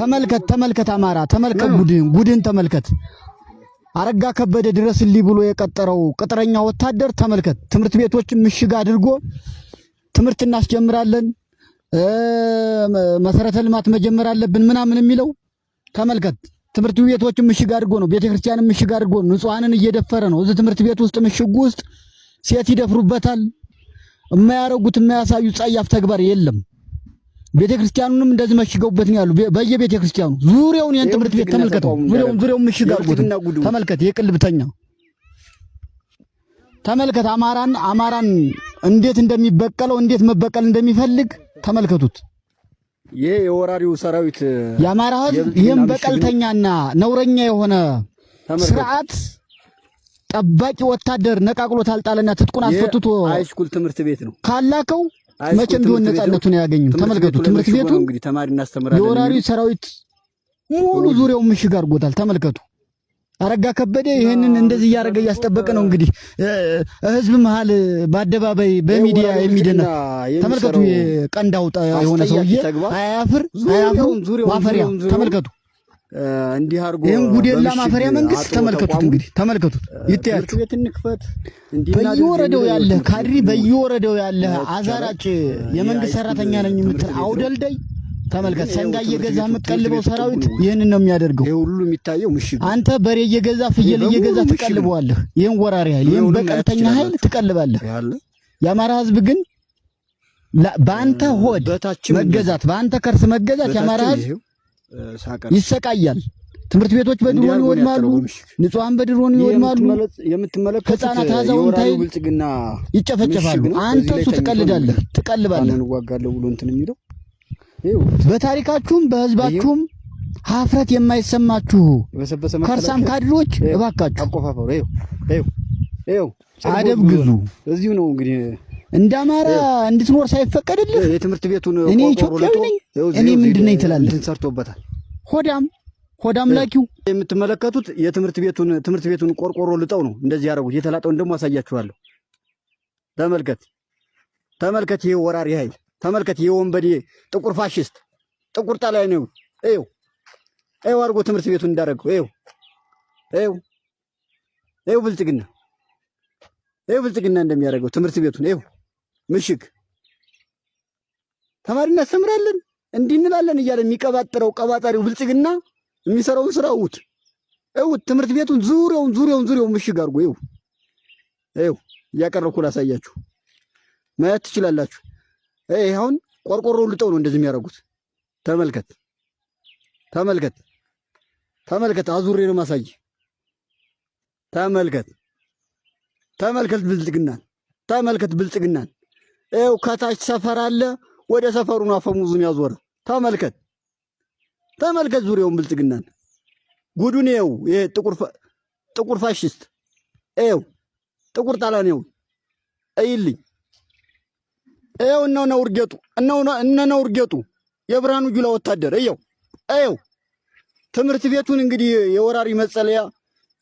ተመልከት ተመልከት፣ አማራ ተመልከት፣ ቡድን ቡድን ተመልከት። አረጋ ከበደ ድረስልኝ ብሎ የቀጠረው ቅጥረኛ ወታደር ተመልከት። ትምህርት ቤቶችን ምሽግ አድርጎ ትምህርት እናስጀምራለን፣ መሰረተ ልማት መጀመር አለብን ምናምን የሚለው ተመልከት። ትምህርት ቤቶችን ምሽግ አድርጎ ነው፣ ቤተክርስቲያንን ምሽግ አድርጎ ነው፣ ንጹሐንን እየደፈረ ነው። እዚህ ትምህርት ቤት ውስጥ ምሽጉ ውስጥ ሴት ይደፍሩበታል። የማያረጉት የማያሳዩ ጸያፍ ተግባር የለም። ቤተ ክርስቲያኑንም እንደዚህ መሽገውበት ያሉ። በየቤተ ክርስቲያኑ ዙሪያውን ይህን ትምህርት ቤት ተመልከተው፣ ዙሪያውን ዙሪያውን ምሽግ ተመልከት። የቅልብተኛ ተመልከት። አማራን አማራን እንዴት እንደሚበቀለው እንዴት መበቀል እንደሚፈልግ ተመልከቱት። ይሄ የወራሪው ሰራዊት የአማራ ህዝብ ይህም በቀልተኛና ነውረኛ የሆነ ስርዓት ጠባቂ ወታደር ነቃቅሎት አልጣለና ትጥቁን አስፈትቶ ሃይስኩል ትምህርት ቤት ነው ካላከው መቼም ቢሆን ነፃነቱን አያገኙም። ተመልከቱ፣ ትምህርት ቤቱ የወራሪ ሰራዊት ሙሉ ዙሪያውን ምሽግ አድርጎታል። ተመልከቱ። አረጋ ከበደ ይህንን እንደዚህ እያደረገ እያስጠበቀ ነው። እንግዲህ ህዝብ መሀል በአደባባይ በሚዲያ የሚደነ ተመልከቱ። ቀንድ አውጣ የሆነ ሰውዬ አያፍር አያፍሩ ማፈሪያ ተመልከቱ። እንዲህ አርጎ ይህን ጉዴላ ማፈሪያ መንግስት ተመልከቱት። እንግዲህ ተመልከቱት፣ ይታያችሁ። በየወረደው ያለ ካድሪ፣ በየወረደው ያለ አዛራጭ፣ የመንግስት ሰራተኛ ነኝ የምትል አውደልደይ ተመልከት። ሰንጋ እየገዛ የምትቀልበው ሰራዊት ይህን ነው የሚያደርገው። ሁሉ የሚታየው አንተ በሬ እየገዛ ፍየል እየገዛ ትቀልበዋለህ። ይህን ወራሪ ኃይል፣ ይህን በቀልተኛ ኃይል ትቀልባለህ። የአማራ ህዝብ ግን በአንተ ሆድ መገዛት፣ በአንተ ከርስ መገዛት የአማራ ህዝብ ይሰቃያል። ትምህርት ቤቶች በድሮን ይወድማሉ። ንጹሐን በድሮን ይወድማሉ። ህፃናት፣ አዛውንት ይጨፈጨፋሉ። አንተ እሱ ትቀልዳለህ፣ ትቀልባለህ። በታሪካችሁም በህዝባችሁም ሀፍረት የማይሰማችሁ ከርሳም ካድሮች እባካችሁ አደብ ግዙ። እዚሁ ነው እንግዲህ እንደ አማራ እንድትኖር ሳይፈቀድልህ የትምህርት ቤቱን እኔ ኢትዮጵያዊ ነኝ እኔ ምንድን ነኝ ትላለህ። ሰርቶበታል። ሆዳም ሆዳም ላኪው የምትመለከቱት የትምህርት ቤቱን ትምህርት ቤቱን ቆርቆሮ ልጠው ነው እንደዚህ ያደረጉት። የተላጠውን ደግሞ አሳያችኋለሁ። ተመልከት፣ ተመልከት። ይሄ ወራሪ ኃይል ተመልከት። ይሄ ወንበዴ ጥቁር ፋሽስት ጥቁር ጣሊያን ነው። ይኸው ይኸው አድርጎ ትምህርት ቤቱን እንዳደረገው ይኸው ይኸው ይኸው ብልጽግና ይኸው ብልጽግና እንደሚያደርገው ትምህርት ቤቱን ይኸው ምሽግ ተማሪ ሰምራለን እንዲህ እንላለን እያለ የሚቀባጥረው ቀባጣሪው ብልጽግና የሚሰራውን ስራ እውት እውት ትምህርት ቤቱን ዙሪያውን ዙሪያውን ዙሪያውን ምሽግ አድርጎ ይው ይው እያቀረብኩ ላሳያችሁ ማየት ትችላላችሁ። ይህ አሁን ቆርቆሮ ልጠው ነው እንደዚህ የሚያደርጉት። ተመልከት ተመልከት ተመልከት፣ አዙሬ ነው ማሳይ። ተመልከት ተመልከት ብልጽግናን ተመልከት ብልጽግናን ይኸው ከታች ሰፈር አለ። ወደ ሰፈሩን አፈሙዙን ያዞረ ተመልከት፣ ተመልከት ዙሪያውን ብልጽግናን ጉዱን ይኸው ይሄ ጥቁር ፋሽስት ይኸው ጥቁር ጣላን ይኸው እይልኝ ይኸው እነ ነውር ጌጡ እነ ነውር ጌጡ የብርሃኑ ጁላ ወታደር ይኸው ይኸው ትምህርት ቤቱን እንግዲህ የወራሪ መጸለያ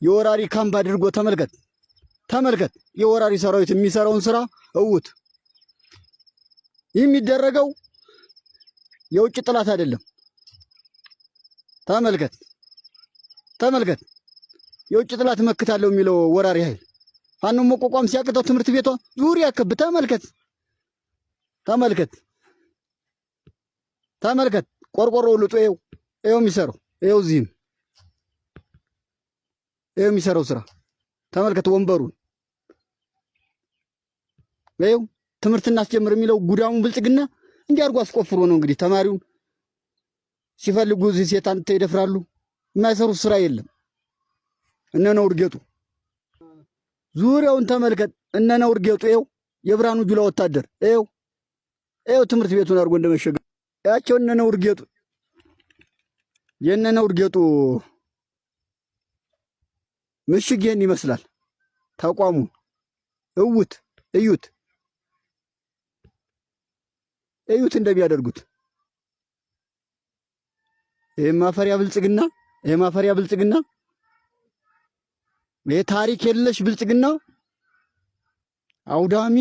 የወራሪ ካምፕ አድርጎ ተመልከት፣ ተመልከት የወራሪ ሰራዊት የሚሰራውን ስራ እውት ይህ የሚደረገው የውጭ ጥላት አይደለም። ተመልከት ተመልከት፣ የውጭ ጥላት መክታለሁ የሚለው ወራሪ ኃይል ፋኖ መቋቋም ሲያቅተው ትምህርት ቤቷ ዙሪያ ከብ ተመልከት ተመልከት ተመልከት፣ ቆርቆሮው ልጦ ይኸው ይኸው የሚሰራው ይኸው እዚህም ይኸው የሚሰራው ስራ ተመልከት፣ ወንበሩን ይኸው ትምህርት እናስጀምር የሚለው ጉዳሙን ብልጽግና እንዲህ አድርጎ አስቆፍሮ ነው እንግዲህ ተማሪውን ሲፈልጉ እዚህ ሴት ይደፍራሉ። የማይሰሩት ስራ የለም። እነ ነው ዙሪያውን ተመልከት። እነ ውርጌጡ እርጌጡ ይኸው የብርሃኑ ጁላ ወታደር ይኸው ይኸው ትምህርት ቤቱን አድርጎ እንደመሸገ ያቸው እነ ነው እርጌጡ የእነ ምሽግ ይህን ይመስላል ተቋሙ እውት እዩት። እዩት እንደሚያደርጉት። ይህ ማፈሪያ ብልጽግና፣ ይህ ማፈሪያ ብልጽግና፣ ይህ ታሪክ የለሽ ብልጽግና አውዳሚ